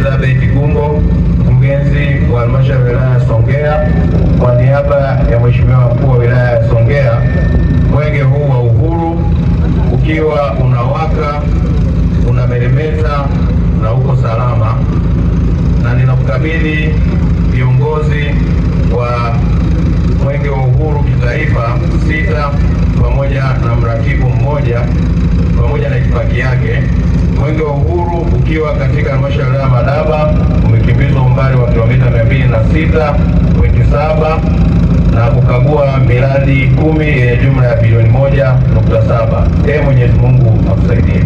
Elizabeth Gungo, mkurugenzi wa halmashauri ya wilaya ya Songea, kwa niaba ya mheshimiwa mkuu wa wilaya ya Songea, mwenge huu wa uhuru ukiwa unawaka unameremeta na uko salama, na ninakukabidhi viongozi wa mwenge wa uhuru kitaifa sita pamoja na mrakibu mmoja pamoja na itifaki yake mwenge wa uhuru ukiwa katika halmashauri ya Madaba umekimbizwa umbali wa kilomita 206.7 na kukagua miradi kumi yenye jumla ya bilioni 1.7. Ee Mwenyezi Mungu akusaidie.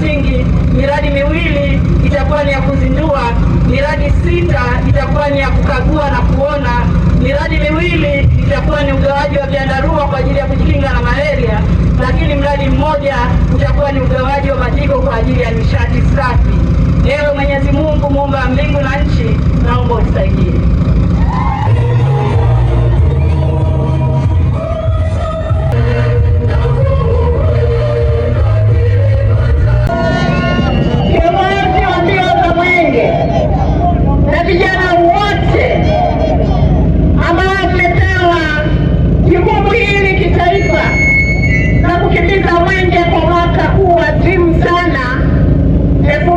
msingi, miradi miwili itakuwa ni ya kuzindua, miradi sita itakuwa ni ya kukagua na kuona, miradi miwili itakuwa ni ugawaji wa vyandarua kwa ajili ya kujikinga na malaria, lakini mradi mmoja utakuwa ni ugawaji wa majiko kwa ajili ya nishati safi. Ewe Mwenyezi Mungu, muumba mbingu na nchi, naomba usaidie. vijana wote ambao mmepewa jukumu hili kitaifa na kukimbiza mwenge kwa mwaka huu adimu sana elfu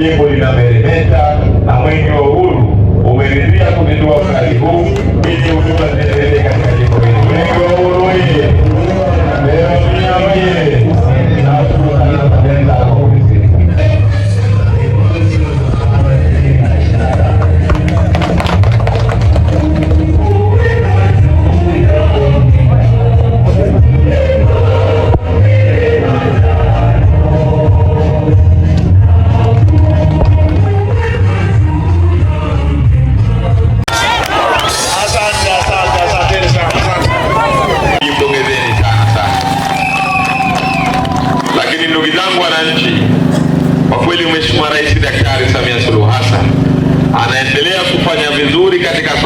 Y por la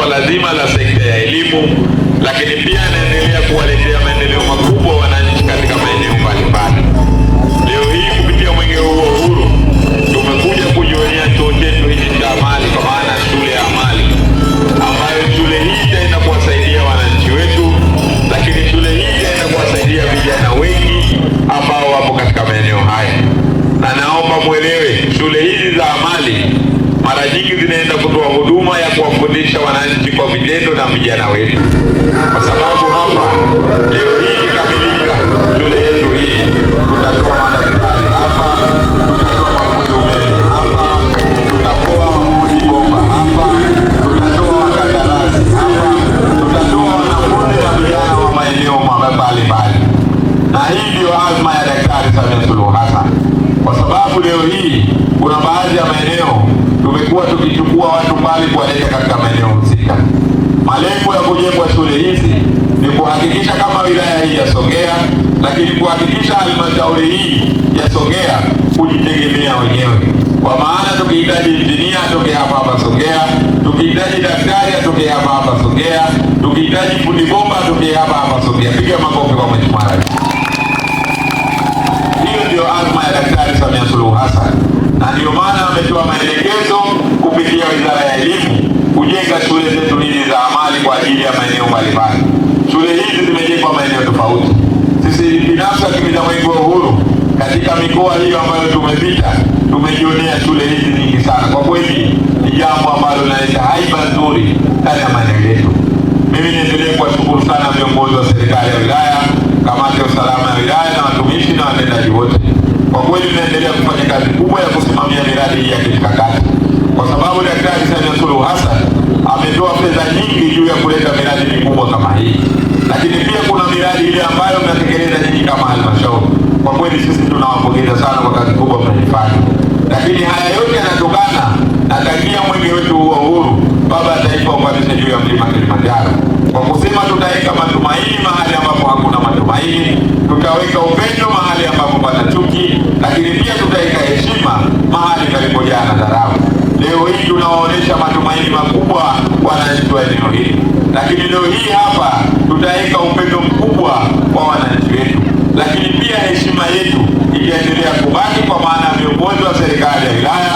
swala zima la sekta ya elimu, lakini pia anaendelea kuwa vijana wetu, kwa sababu hapa leo hii ikikamilika shule yetu tutatoa hapa, tutatoa hapa, tutatoa na wa maeneo na hii ndiyo azma ya Daktari kwa sababu leo hii kuna baadhi ya maeneo tumekuwa tukichukua watu mbali kuwaleta katika maeneo husika. Malengo ya kujengwa shule hizi ni kuhakikisha kama wilaya hii ya Songea, lakini kuhakikisha halmashauri hii ya Songea kujitegemea wenyewe, kwa maana tukihitaji injinia atoke hapa hapa Songea, tukihitaji daktari atoke hapa hapa Songea, tukihitaji fundi bomba atoke hapa hapa Songea. Piga makofi kwa mheshimiwa rais. Hiyo ndio azma ya Daktari Samia Suluhu Hassan, na ndio maana ametoa maelekezo kupitia wizara ya elimu kujenga shule zetu hizi za amali kwa ajili ya maeneo mbalimbali. Shule hizi zimejengwa maeneo tofauti. Sisi binafsi wakimiza mwenge wa uhuru katika mikoa hiyo ambayo tumepita, tumejionea shule hizi nyingi sana. Kwa kweli ni jambo ambalo linaleta haiba nzuri ndani ya maeneo yetu. Mimi niendelee kuwashukuru sana viongozi wa serikali ya wilaya, kamati ya usalama ya wilaya na watumishi na watendaji wote. Kwa kweli tunaendelea kufanya kazi kubwa ya kusimamia miradi hii ya kimkakati, kwa sababu Daktari Samia Suluhu Hassan ametoa fedha nyingi juu ya kuleta miradi mikubwa kama hii, lakini pia kuna miradi ile ambayo mnatekeleza nyinyi kama halmashauri. Kwa kweli sisi tunawapongeza sana kwa kazi kubwa mnaifanya, lakini haya yote yanatokana na tangia mwenge wetu wa uhuru baba ya taifa upandishe juu ya mlima Kilimanjaro kwa kusema tutaweka matumaini mahali ambapo hakuna matumaini, tutaweka upendo mahali ambapo pana chuki, lakini pia tutaweka heshima mahali palipojaa na dharau. Leo hii tunawaonyesha matumaini makubwa wananchi wa eneo hili, lakini leo hii hapa tutaweka upendo mkubwa kwa wananchi wetu, lakini pia heshima yetu itaendelea kubaki, kwa maana ya viongozi wa serikali ya wilaya,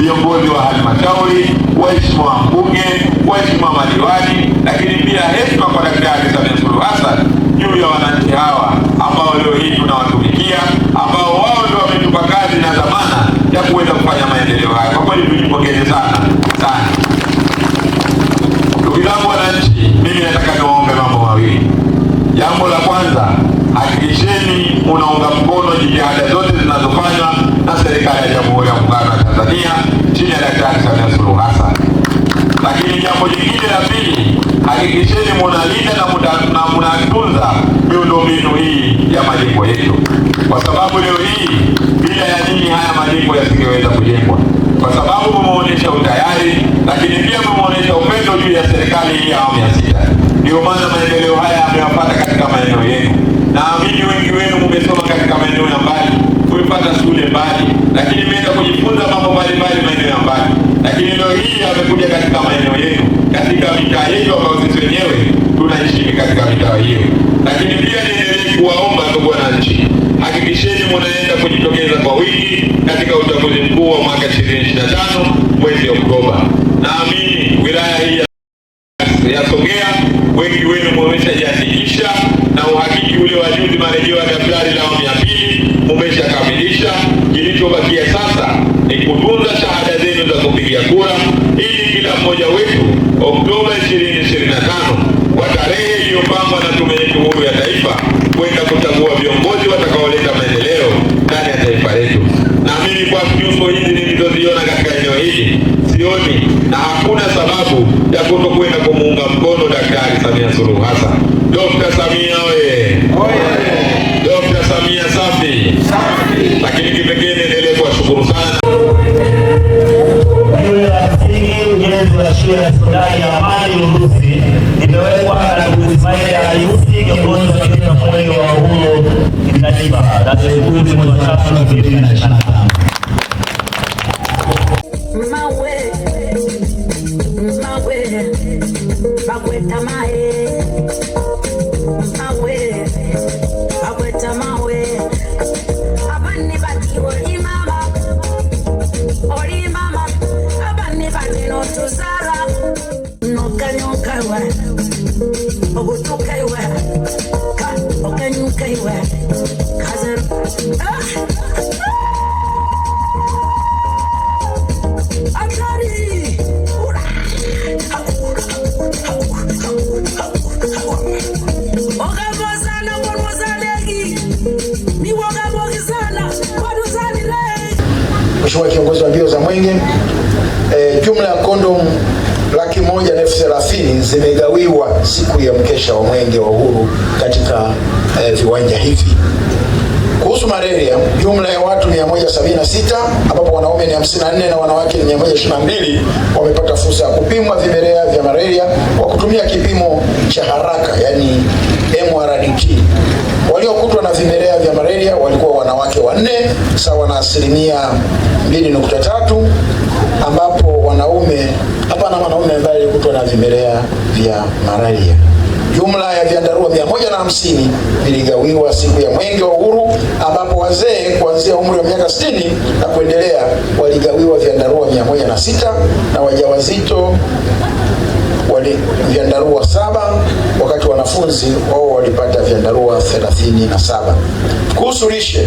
viongozi wa halmashauri, waheshimiwa mbunge, waheshimiwa madiwani, lakini pia heshima kwa Daktari Samia Suluhu Hassan juu ya wananchi hawa ambao leo hii tunawatumikia, ambao wao ndio wametupa kazi na dhamana ya kuweza kufanya maendeleo haya. Kwa kweli tulipongeze sana Jambo la kwanza, hakikisheni unaunga mkono jitihada zote zinazofanywa na serikali ya Jamhuri ya Muungano wa Tanzania chini ya Daktari Samia Suluhu Hassan. Lakini jambo jingine la pili, hakikisheni munalinda na munatunza miundombinu hii ya majengo yetu, kwa sababu leo hii bila ya nini haya majengo yasingeweza kujengwa, kwa sababu mumeonyesha utayari, lakini pia mumeonyesha upendo juu ya serikali hii ya awamu ya sita ndio maana maendeleo haya ameyapata katika maeneo yenu. Naamini wengi wenu mmesoma katika maeneo ya mbali, kuipata shule mbali, lakini mmeenda kujifunza mambo mbalimbali maeneo ya mbali, lakini leo hii amekuja katika maeneo yenu, katika mitaa yetu ambayo sisi wenyewe tunaishi katika mitaa hiyo. Lakini pia niendelee kuwaomba ndugu wananchi, hakikisheni munaenda kujitokeza kwa wingi katika uchaguzi mkuu wa mwaka 2025 mwezi Oktoba. Naamini wilaya hii kutokwenda kumuunga mkono Daktari Samia Suluhu Hassan. Dokta Samia oye! Dokta Samia safi. Lakini kipekee niendelee kuwashukuru sana ujenzi wa shule ya sekondari ya Amani Lubusi imewekwa na Ismail Alusi, kiongozi wa kitaifa mwenge wa uhuru kitaifa tarehe kumi mwezi wa tatu elfu mbili na ishirini na tano. ogutuka iwe ka okenyuka iwe kazır ah, Mheshimiwa kiongozi wa mbio za mwenge, eh, jumla ya kondomu laki moja na elfu thelathini zimegawiwa siku ya mkesha wa mwenge wa uhuru katika eh, viwanja hivi. Kuhusu malaria, jumla ya watu 176 ambapo wanaume ni 54 na wanawake ni 122 wamepata fursa ya kupimwa vimelea vya malaria kwa kutumia kipimo cha haraka yani MRDT. Waliokutwa na vimelea vya malaria walikuwa wanawake wanne sawa na asilimia 2.3 ambapo mwanaume, hapana mwanaume ambaye alikutwa na vimelea vya malaria. Jumla ya vyandarua mia moja na hamsini viligawiwa siku ya mwenge wa uhuru, ambapo wazee kuanzia umri wa miaka sitini na kuendelea waligawiwa vyandarua mia moja na sita na wajawazito wali vyandarua saba wakati wanafunzi wao walipata vyandarua 37. Kuhusu lishe,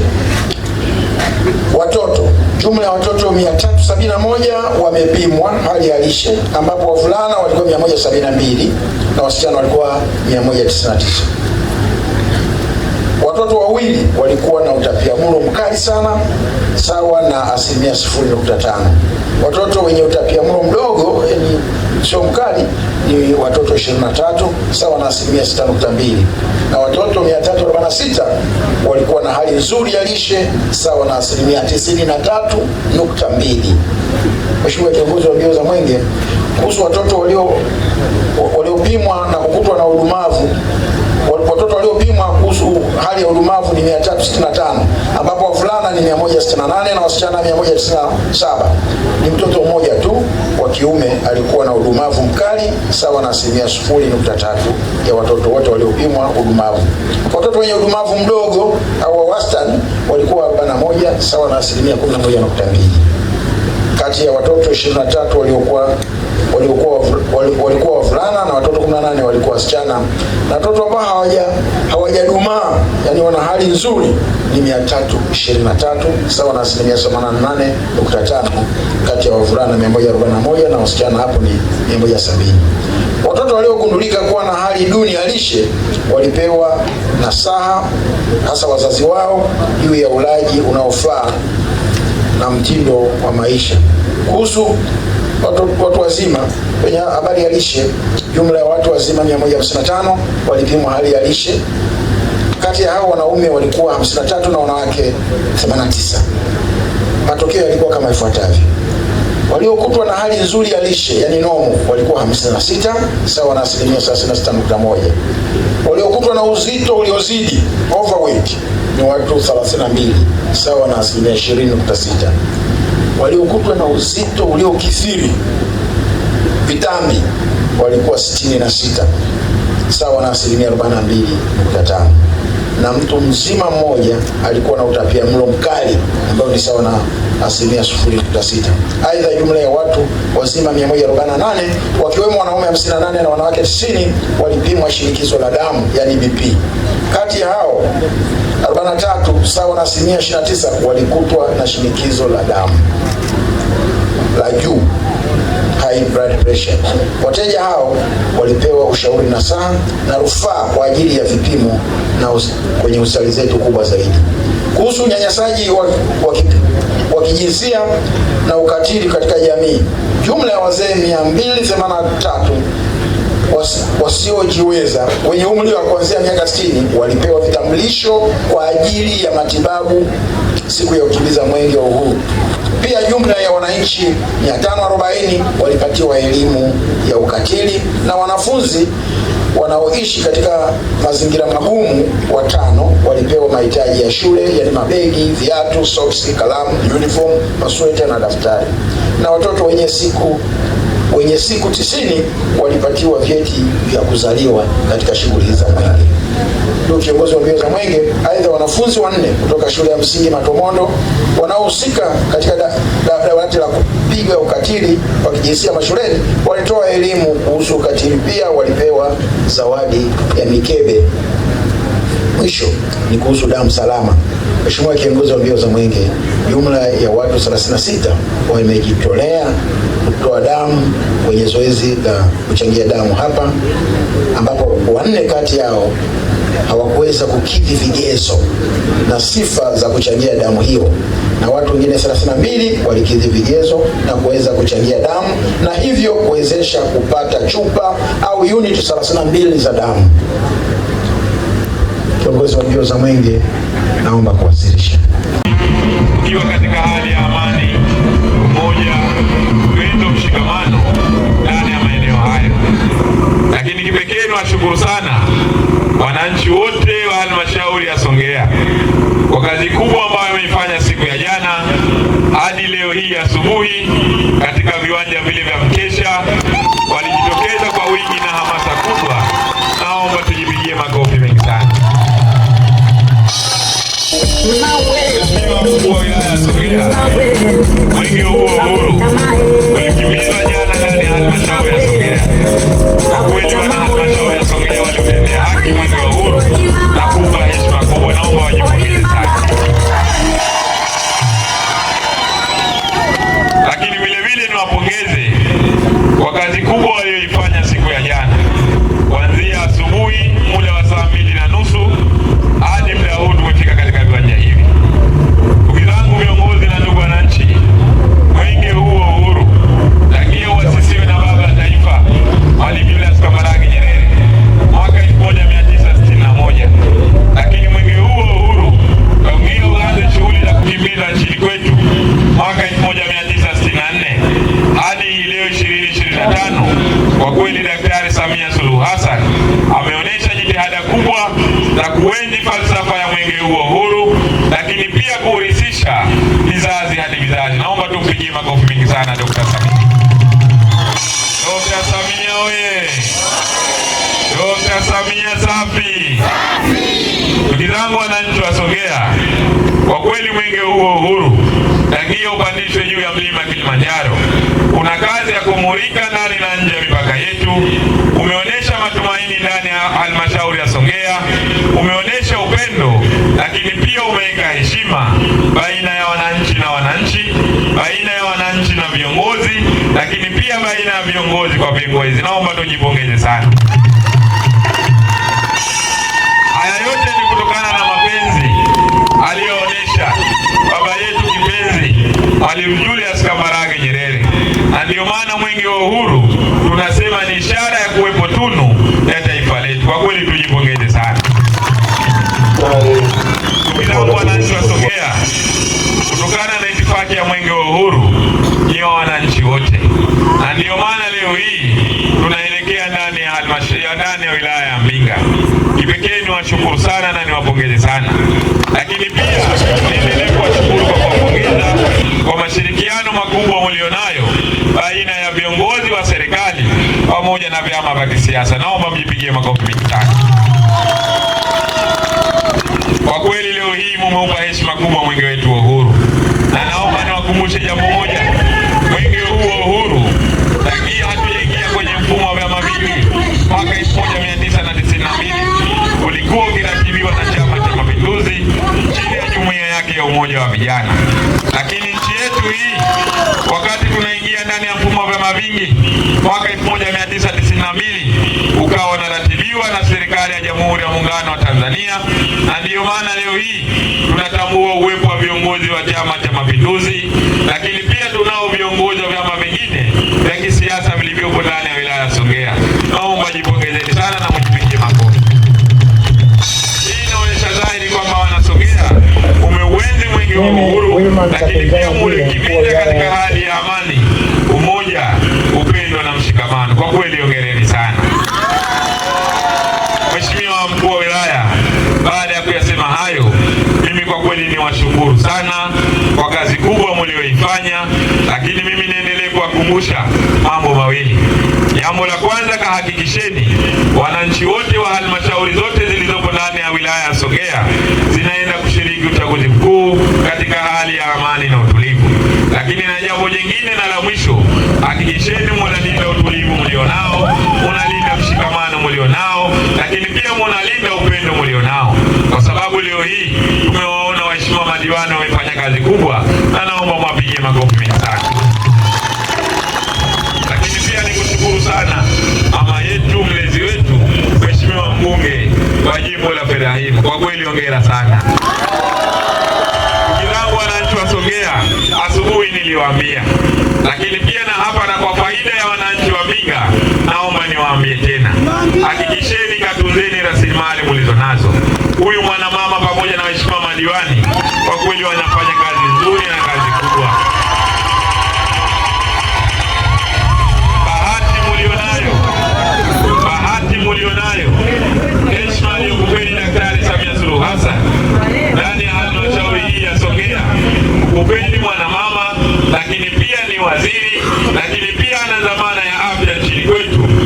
Watoto, jumla ya watoto 371 wamepimwa hali ya lishe, ambapo wavulana walikuwa 172 na wasichana walikuwa 199. Watoto wawili walikuwa na utapiamlo mkali sana sawa na asilimia 0.5. Watoto wenye utapiamlo mdogo yani sio mkali, ni watoto 23 sawa na asilimia 6.2, na watoto 346 walikuwa na hali nzuri ya lishe sawa na asilimia 93.2. Mheshimiwa Kiongozi wa Mbio za Mwenge, kuhusu watoto waliopimwa na kukutwa na udumavu, watoto waliopimwa kuhusu hali ya udumavu ni 365 ambapo wavulana ni 168 na wasichana 197. Ni mtoto mmoja tu wa kiume alikuwa na udumavu mkali sawa na asilimia tatu ya watoto wote waliopimwa udumavu. Watoto wenye udumavu mdogo au wastani walikuwa 41 sawa na asilimia 11.2 kati ya watoto 23 waliokuwa walikuwa walikuwa wavulana na watoto 18 walikuwa wasichana, na watoto ambao hawaja hawajadumaa yani wana hali nzuri ni 323 sawa na asilimia 88.5 kati ya wavulana 141 na wasichana hapo ni 170. Watoto waliogundulika kuwa na hali duni ya lishe walipewa nasaha hasa wazazi wao juu ya ulaji unaofaa na mtindo wa maisha. Kuhusu watu, watu wazima kwenye habari ya lishe, jumla ya watu wazima 155 walipimwa hali ya lishe. Kati ya hao wanaume walikuwa 53 na wanawake 89. Matokeo yalikuwa kama ifuatavyo: waliokutwa na hali nzuri ya lishe yani nomo walikuwa 56 sawa na asilimia 36.1. Waliokutwa na uzito uliozidi overweight ni watu 32 sawa na asilimia 20.6. Waliokutwa na uzito uliokithiri vitambi walikuwa 66 sawa na asilimia 42.5, na mtu mzima mmoja alikuwa na utapia mlo mkali ambao ni sawa na asilimia 0.6. Aidha, jumla ya watu wazima 148 wakiwemo wanaume 58 na wanawake 90 walipimwa shinikizo la damu yani BP kati ya hao 43 sawa na asilimia 29 walikutwa na shinikizo la damu la juu high blood pressure. Wateja hao walipewa ushauri na saa na rufaa kwa ajili ya vipimo na us kwenye hospitali zetu kubwa zaidi. Kuhusu unyanyasaji wa, wa, wa kijinsia na ukatili katika jamii, jumla ya wazee 283 wasiojiweza wenye umri wa kuanzia miaka 60 walipewa vitambulisho kwa ajili ya matibabu siku ya kukimbiza mwenge wa uhuru. Pia jumla ya wananchi 540 walipatiwa elimu ya ukatili na wanafunzi wanaoishi katika mazingira magumu watano walipewa mahitaji ya shule, yani mabegi, viatu, soksi, kalamu, uniform, masweta na daftari, na watoto wenye siku wenye siku tisini walipatiwa vyeti vya kuzaliwa katika shughuli hizi za mwenge. Ndio viongozi wa mbio za mwenge. Aidha, wanafunzi wanne kutoka shule ya msingi Matomondo wanaohusika katika dawati la kupiga ukatili wa kijinsia mashuleni walitoa elimu kuhusu ukatili, pia walipewa zawadi ya mikebe. Mwisho ni kuhusu damu salama. Mheshimiwa kiongozi wa mbio za mwenge, jumla ya watu 36 wamejitolea kutoa damu kwenye zoezi la kuchangia damu hapa, ambapo wanne kati yao hawakuweza kukidhi vigezo na sifa za kuchangia damu hiyo, na watu wengine 32 walikidhi vigezo na kuweza kuchangia damu na hivyo kuwezesha kupata chupa au unit 32 za damu. Kiongozi wa mbio za mwenge naomba kuwasilisha ikiwa katika hali ya amani, umoja, upendo, mshikamano ndani ya maeneo hayo. Lakini kipekee ni washukuru sana wananchi wote wa halmashauri ya Songea kwa kazi kubwa ambayo wameifanya siku ya jana hadi leo hii asubuhi katika viwanja vile vya mkesha. Walijitokeza kwa wingi na hamasa kubwa Yeah. Wengi huo za kuenzi falsafa ya mwenge huo huru, lakini pia kuhurisisha vizazi hadi vizazi. Naomba tumpigie makofi mengi sana Dr. Samia. Dr. Samia oye! Dr. Samia safi! Ndugu zangu wananchi wa Songea, kwa kweli mwenge huo huru tangia upandishwe juu ya mlima Kilimanjaro, kuna kazi ya kumurika ndani na nje ya mipaka yetu, umeonyesha matumaini ndani ya halmashauri ya umeonyesha upendo, lakini pia umeweka heshima baina ya wananchi na wananchi, baina ya wananchi na viongozi, lakini pia baina ya viongozi kwa viongozi. Naomba tujipongeze sana. Haya yote ni kutokana na mapenzi aliyoonyesha baba yetu kipenzi Mwalimu Julius Kambarage Nyerere, na ndio maana mwenge wa uhuru tunasema ni ishara ya kuwepo tunu ya taifa letu kwa kweli. katika mwenge wa uhuru ni wa wananchi wote, na ndiyo maana leo hii tunaelekea ndani ya halmashauri ndani ya wilaya ya Mbinga. Kipekee niwashukuru sana na niwapongeze sana, lakini pia niendelee kuwashukuru kwa kuwapongeza kwa mashirikiano makubwa mlionayo baina ya viongozi wa serikali pamoja na vyama vya kisiasa. Naomba mjipigie makofi mingi sana. Kwa kweli leo hii mumeupa heshima kubwa mwenge wetu wa uhuru, na naomba nikukumbushe jambo moja, mwenge wa uhuru lakini hatujaingia kwenye mfumo wa vyama vingi mwaka elfu moja mia tisa na tisini na mbili ulikuwa ukiratibiwa na Chama cha Mapinduzi chini ya jumuiya yake ya umoja wa vijana, lakini nchi yetu hii wakati tunaingia ndani ya mfumo wa vyama vingi mwaka elfu moja mia tisa tisini na mbili ukawa unaratibiwa na serikali ya Jamhuri ya Muungano wa Tanzania, na ndiyo maana leo hii tunatambua uwepo viongozi wa Chama cha Mapinduzi, lakini pia tunao viongozi wa vyama vingine vya kisiasa vilivyopo ndani ya wilaya ya Songea. Naomba jipongezeni sana na mjipigie makofi. Hii inaonyesha dhahiri kwamba Wanasongea umeuenzi mwenge wa uhuru, lakini pia ulikimbiza katika hali ya amani. kwa kazi kubwa mlioifanya, lakini mimi niendelee kuwakumbusha mambo mawili. Jambo la kwanza, kahakikisheni wananchi wote wa halmashauri zote zilizopo ndani ya wilaya ya Songea zinaenda kushiriki uchaguzi mkuu katika hali ya amani na utulivu. Lakini na jambo jingine na la mwisho, hakikisheni munalinda utulivu mlionao, munalinda mshikamano mlionao, lakini pia munalinda upendo mlionao, kwa sababu leo hii tumewaona waheshimiwa madiwani kubwa, anaomba mwapigie makofi mitatu. Lakini pia nikushukuru sana mama yetu mlezi wetu Mheshimiwa mbunge wa jimbo la Perahim, kwa kweli hongera sana kilangu wananchi wa Songea, asubuhi niliwaambia, lakini pia na hapa na kwa faida ya wananchi wa Mbinga, naomba niwaambie tena, hakikisheni katunzeni rasilimali mulizo nazo waheshimiwa madiwani kwa kweli wanafanya kazi nzuri na kazi kubwa. Bahati mulionayo, bahati mulionayo, heshima aliyokupeni Daktari Samia Suluhu Hassan ndani ya halmashauri hii ya Songea, kupeni mwanamama, lakini pia ni waziri, lakini pia ana dhamana ya afya nchini kwetu.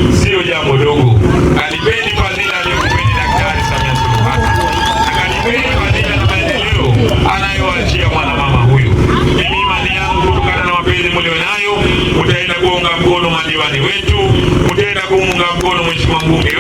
Mambo